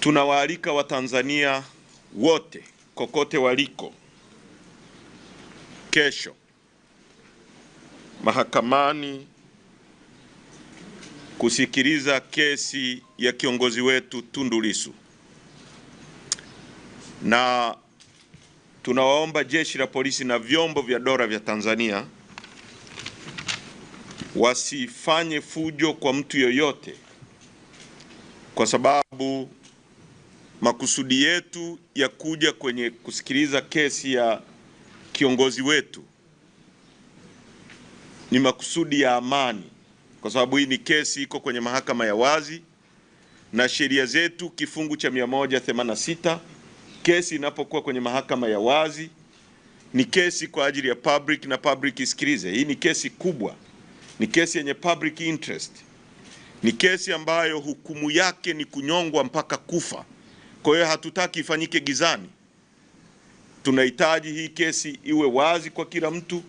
Tunawaalika Watanzania wote kokote waliko kesho mahakamani kusikiliza kesi ya kiongozi wetu Tundu Lissu, na tunawaomba jeshi la polisi na vyombo vya dola vya Tanzania wasifanye fujo kwa mtu yoyote kwa sababu Makusudi yetu ya kuja kwenye kusikiliza kesi ya kiongozi wetu ni makusudi ya amani, kwa sababu hii ni kesi iko kwenye mahakama ya wazi na sheria zetu kifungu cha 186, kesi inapokuwa kwenye mahakama ya wazi ni kesi kwa ajili ya public na public isikilize. Hii ni kesi kubwa, ni kesi yenye public interest, ni kesi ambayo hukumu yake ni kunyongwa mpaka kufa. Kwa hiyo hatutaki ifanyike gizani. Tunahitaji hii kesi iwe wazi kwa kila mtu,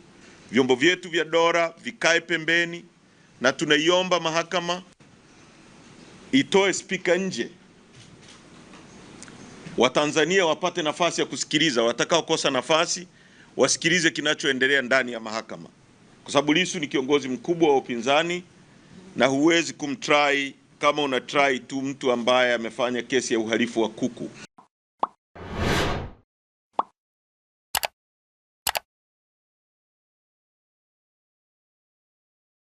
vyombo vyetu vya dola vikae pembeni, na tunaiomba mahakama itoe spika nje, Watanzania wapate nafasi ya kusikiliza. Watakaokosa nafasi wasikilize kinachoendelea ndani ya mahakama, kwa sababu Lissu ni kiongozi mkubwa wa upinzani na huwezi kumtrai kama una try tu mtu ambaye amefanya kesi ya uhalifu wa kuku